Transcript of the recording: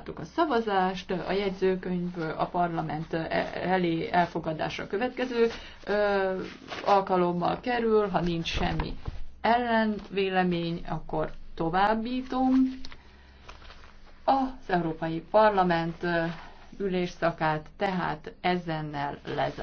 Láttuk a szavazást, a jegyzőkönyv a parlament e- elé elfogadásra következő alkalommal kerül, ha nincs semmi ellenvélemény, akkor továbbítom. Az Európai Parlament ülésszakát tehát ezennel lezárom.